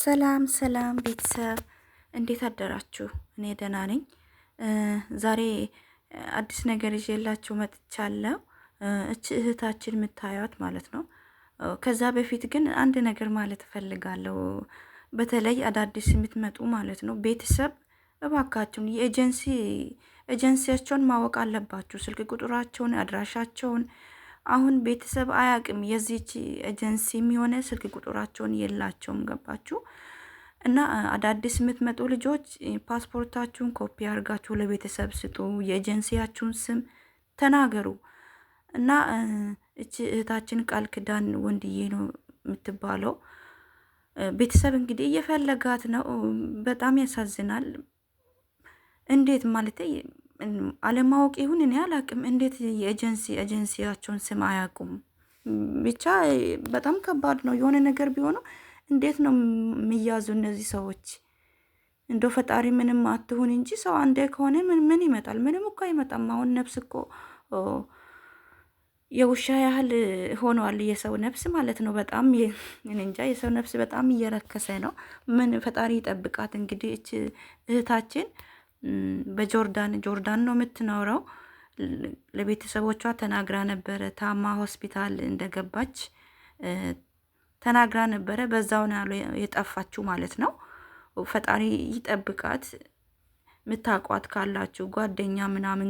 ሰላም ሰላም ቤተሰብ እንዴት አደራችሁ? እኔ ደህና ነኝ። ዛሬ አዲስ ነገር ይዤላችሁ መጥቻለሁ። እች እህታችን የምታዩት ማለት ነው። ከዛ በፊት ግን አንድ ነገር ማለት እፈልጋለሁ። በተለይ አዳዲስ የምትመጡ ማለት ነው ቤተሰብ እባካችሁን የኤጀንሲ ኤጀንሲያቸውን ማወቅ አለባችሁ። ስልክ ቁጥራቸውን፣ አድራሻቸውን አሁን ቤተሰብ አያውቅም የዚች ኤጀንሲ የሚሆነ ስልክ ቁጥራቸውን የላቸውም። ገባችሁ? እና አዳዲስ የምትመጡ ልጆች ፓስፖርታችሁን ኮፒ አድርጋችሁ ለቤተሰብ ስጡ። የኤጀንሲያችሁን ስም ተናገሩ። እና እች እህታችን ቃል ክዳን ወንድዬ ነው የምትባለው። ቤተሰብ እንግዲህ እየፈለጋት ነው። በጣም ያሳዝናል። እንዴት ማለት አለማወቅ ይሁን እኔ አላቅም። እንዴት የኤጀንሲ ኤጀንሲያቸውን ስም አያውቁም? ብቻ በጣም ከባድ ነው። የሆነ ነገር ቢሆነው እንዴት ነው የሚያዙ እነዚህ ሰዎች? እንደ ፈጣሪ ምንም አትሁን እንጂ ሰው አንዴ ከሆነ ምን ምን ይመጣል? ምንም እኮ አይመጣም። አሁን ነፍስ እኮ የውሻ ያህል ሆኗል፣ የሰው ነፍስ ማለት ነው። በጣም እንጃ፣ የሰው ነፍስ በጣም እየረከሰ ነው። ምን ፈጣሪ ይጠብቃት እንግዲህ እህታችን በጆርዳን ጆርዳን ነው የምትኖረው። ለቤተሰቦቿ ተናግራ ነበረ። ታማ ሆስፒታል እንደገባች ተናግራ ነበረ። በዛው ነው የጠፋችው ማለት ነው። ፈጣሪ ይጠብቃት። ምታቋት ካላችሁ ጓደኛ ምናምን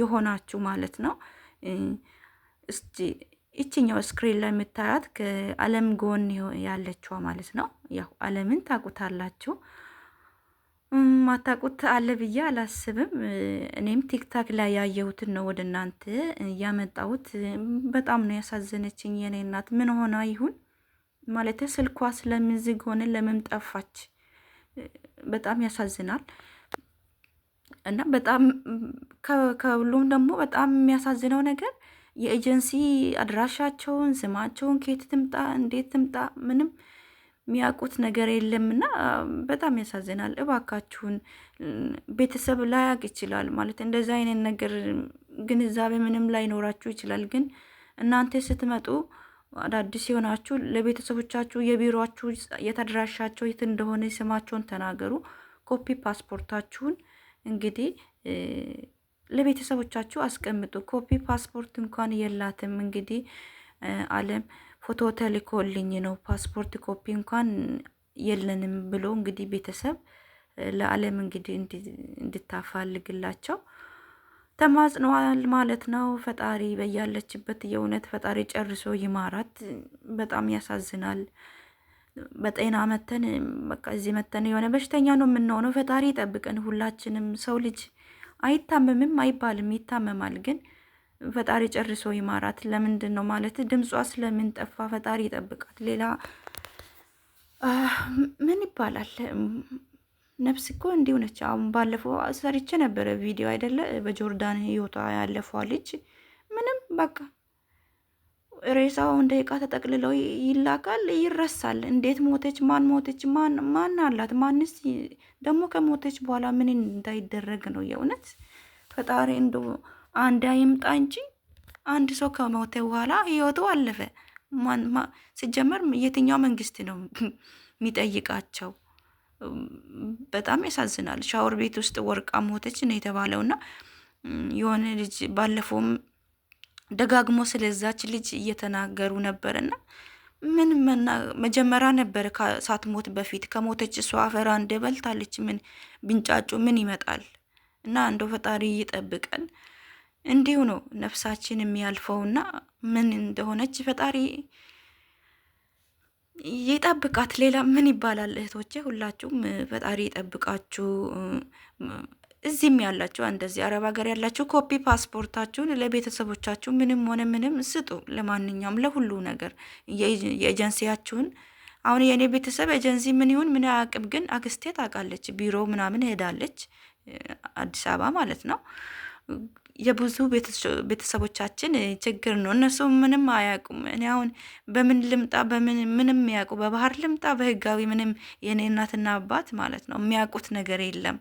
የሆናችሁ ማለት ነው። እስቲ ይችኛው ስክሪን ላይ የምታያት ከአለም ጎን ያለችዋ ማለት ነው። ያው አለምን ታቁታላችሁ። ማታቁት አለ ብዬ አላስብም። እኔም ቲክታክ ላይ ያየሁትን ነው ወደ እናንተ ያመጣሁት። በጣም ነው ያሳዘነችኝ የኔ እናት። ምን ሆና ይሁን ማለት ስልኳ ስለምዝግ ሆነ ለምን ጠፋች? በጣም ያሳዝናል። እና በጣም ከሁሉም ደግሞ በጣም የሚያሳዝነው ነገር የኤጀንሲ አድራሻቸውን፣ ስማቸውን፣ ከየት ትምጣ፣ እንዴት ትምጣ ምንም የሚያውቁት ነገር የለምና በጣም ያሳዝናል። እባካችሁን ቤተሰብ ላያቅ ይችላል ማለት እንደዚ አይነት ነገር ግንዛቤ ምንም ላይኖራችሁ ይችላል። ግን እናንተ ስትመጡ አዳዲስ የሆናችሁ ለቤተሰቦቻችሁ የቢሮችሁ የተደራሻቸው የት እንደሆነ ስማቸውን ተናገሩ። ኮፒ ፓስፖርታችሁን እንግዲህ ለቤተሰቦቻችሁ አስቀምጡ። ኮፒ ፓስፖርት እንኳን የላትም እንግዲህ አለም ፎቶ ተልኮልኝ ነው ፓስፖርት ኮፒ እንኳን የለንም ብሎ እንግዲህ ቤተሰብ ለዓለም እንግዲህ እንድታፋልግላቸው ተማጽነዋል ማለት ነው። ፈጣሪ በያለችበት የእውነት ፈጣሪ ጨርሶ ይማራት። በጣም ያሳዝናል። በጤና መተን በቃ እዚህ መተን የሆነ በሽተኛ ነው የምንሆነው። ፈጣሪ ይጠብቀን ሁላችንም። ሰው ልጅ አይታመምም አይባልም፣ ይታመማል ግን ፈጣሪ ጨርሶ ይማራት። ለምንድን ነው ማለት ድምጿ ስለምንጠፋ ፈጣሪ ይጠብቃት። ሌላ ምን ይባላል? ነፍስ እኮ እንዲሁ ነች። አሁን ባለፈው ሰርቼ ነበረ ቪዲዮ አይደለ? በጆርዳን ህይወቷ ያለፈ ልጅ ምንም በቃ ሬሳው እንደ እቃ ተጠቅልለው ይላካል፣ ይረሳል። እንዴት ሞተች? ማን ሞተች? ማን ማን አላት? ማንስ ደግሞ ከሞተች በኋላ ምን እንዳይደረግ ነው የእውነት ፈጣሪ እንደ አንድ አይምጣ እንጂ አንድ ሰው ከሞተ በኋላ ህይወቱ አለፈ። ሲጀመር የትኛው መንግስት ነው የሚጠይቃቸው? በጣም ያሳዝናል። ሻወር ቤት ውስጥ ወርቃ ሞተች ነው የተባለው እና የሆነ ልጅ ባለፈውም ደጋግሞ ስለዛች ልጅ እየተናገሩ ነበር እና ምን መጀመሪያ ነበር ሞት በፊት ከሞተች እሷ አፈር እንደበልታለች በልታለች። ምን ብንጫጩ ምን ይመጣል? እና እንደው ፈጣሪ ይጠብቀን። እንዲሁ ነው ነፍሳችን የሚያልፈውና ምን እንደሆነች ፈጣሪ ይጠብቃት። ሌላ ምን ይባላል? እህቶቼ ሁላችሁም ፈጣሪ ይጠብቃችሁ። እዚህም ያላችሁ እንደዚህ አረብ ሀገር ያላችሁ ኮፒ ፓስፖርታችሁን ለቤተሰቦቻችሁ ምንም ሆነ ምንም ስጡ። ለማንኛውም ለሁሉ ነገር የኤጀንሲያችሁን አሁን የእኔ ቤተሰብ ኤጀንሲ ምን ይሁን ምን አያውቅም፣ ግን አክስቴ ታውቃለች። ቢሮ ምናምን ሄዳለች፣ አዲስ አበባ ማለት ነው። የብዙ ቤተሰቦቻችን ችግር ነው። እነሱ ምንም አያውቁም። እኔ አሁን በምን ልምጣ በምን ምንም የሚያውቁ በባህር ልምጣ በህጋዊ ምንም የኔ እናትና አባት ማለት ነው የሚያውቁት ነገር የለም።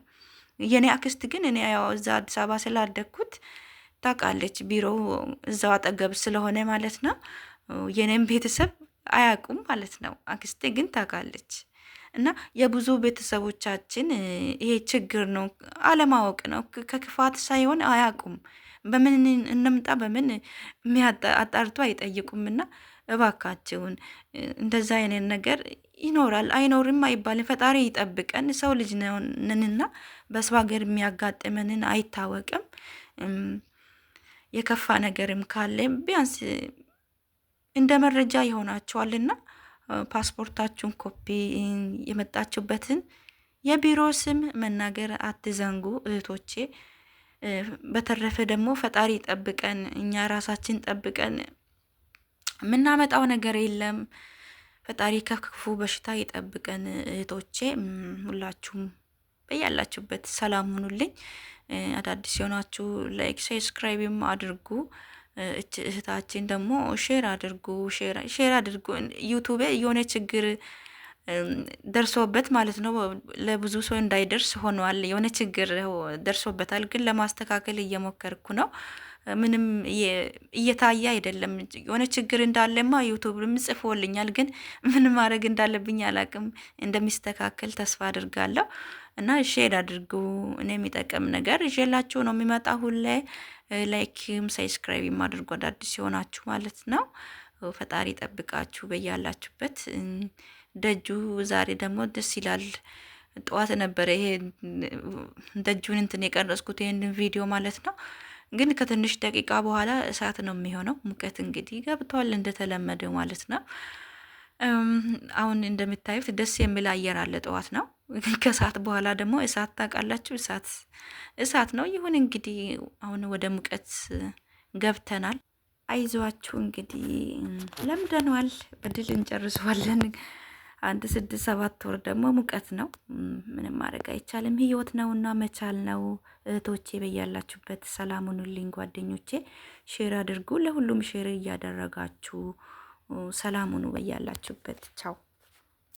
የኔ አክስት ግን እኔ ያው እዛ አዲስ አበባ ስላደግኩት ታውቃለች። ቢሮው እዛው አጠገብ ስለሆነ ማለት ነው የኔም ቤተሰብ አያውቁም ማለት ነው። አክስቴ ግን ታውቃለች። እና የብዙ ቤተሰቦቻችን ይሄ ችግር ነው፣ አለማወቅ ነው። ከክፋት ሳይሆን አያውቁም። በምን እንምጣ በምን አጣርቶ አይጠይቁምና እባካችሁን እንደዛ አይነት ነገር ይኖራል አይኖርም አይባልም። ፈጣሪ ይጠብቀን። ሰው ልጅ ነንና በሰው ሀገር የሚያጋጥመንን አይታወቅም። የከፋ ነገርም ካለ ቢያንስ እንደ መረጃ ይሆናቸዋልና ፓስፖርታችሁን ኮፒ፣ የመጣችሁበትን የቢሮ ስም መናገር አትዘንጉ እህቶቼ። በተረፈ ደግሞ ፈጣሪ ጠብቀን፣ እኛ ራሳችን ጠብቀን የምናመጣው ነገር የለም። ፈጣሪ ከክፉ በሽታ ይጠብቀን እህቶቼ። ሁላችሁም በያላችሁበት ሰላም ሁኑልኝ። አዳዲስ የሆናችሁ ላይክ፣ ሰብስክራይብም አድርጉ። እህታችን ደግሞ ሼር አድርጉ ሼር አድርጉ። ዩቱብ የሆነ ችግር ደርሶበት ማለት ነው፣ ለብዙ ሰው እንዳይደርስ ሆኗል። የሆነ ችግር ደርሶበታል፣ ግን ለማስተካከል እየሞከርኩ ነው። ምንም እየታየ አይደለም። የሆነ ችግር እንዳለማ ዩቱብም ጽፎልኛል፣ ግን ምን ማድረግ እንዳለብኝ አላቅም። እንደሚስተካከል ተስፋ አድርጋለሁ። እና ሼር አድርጉ። እኔ የሚጠቅም ነገር ይዤላችሁ ነው የሚመጣ። ሁሌ ላይክም ሰብስክራይብም አድርጉ አዳዲስ ሲሆናችሁ ማለት ነው። ፈጣሪ ጠብቃችሁ በያላችሁበት። ደጁ ዛሬ ደግሞ ደስ ይላል። ጠዋት ነበረ ይሄ ደጁን እንትን የቀረጽኩት ይህንን ቪዲዮ ማለት ነው። ግን ከትንሽ ደቂቃ በኋላ እሳት ነው የሚሆነው። ሙቀት እንግዲህ ገብቷል እንደተለመደው ማለት ነው። አሁን እንደምታዩት ደስ የሚል አየር አለ። ጠዋት ነው ከሰዓት በኋላ ደግሞ እሳት ታውቃላችሁ፣ እሳት እሳት ነው። ይሁን እንግዲህ አሁን ወደ ሙቀት ገብተናል። አይዟችሁ እንግዲህ ለምደነዋል፣ በድል እንጨርሰዋለን። አንድ ስድስት ሰባት ወር ደግሞ ሙቀት ነው። ምንም ማድረግ አይቻልም። ህይወት እና መቻል ነው። እህቶቼ በያላችሁበት ሰላም ሁኑልኝ። ጓደኞቼ ሼር አድርጉ፣ ለሁሉም ሼር እያደረጋችሁ ሰላም ሁኑ በያላችሁበት። ቻው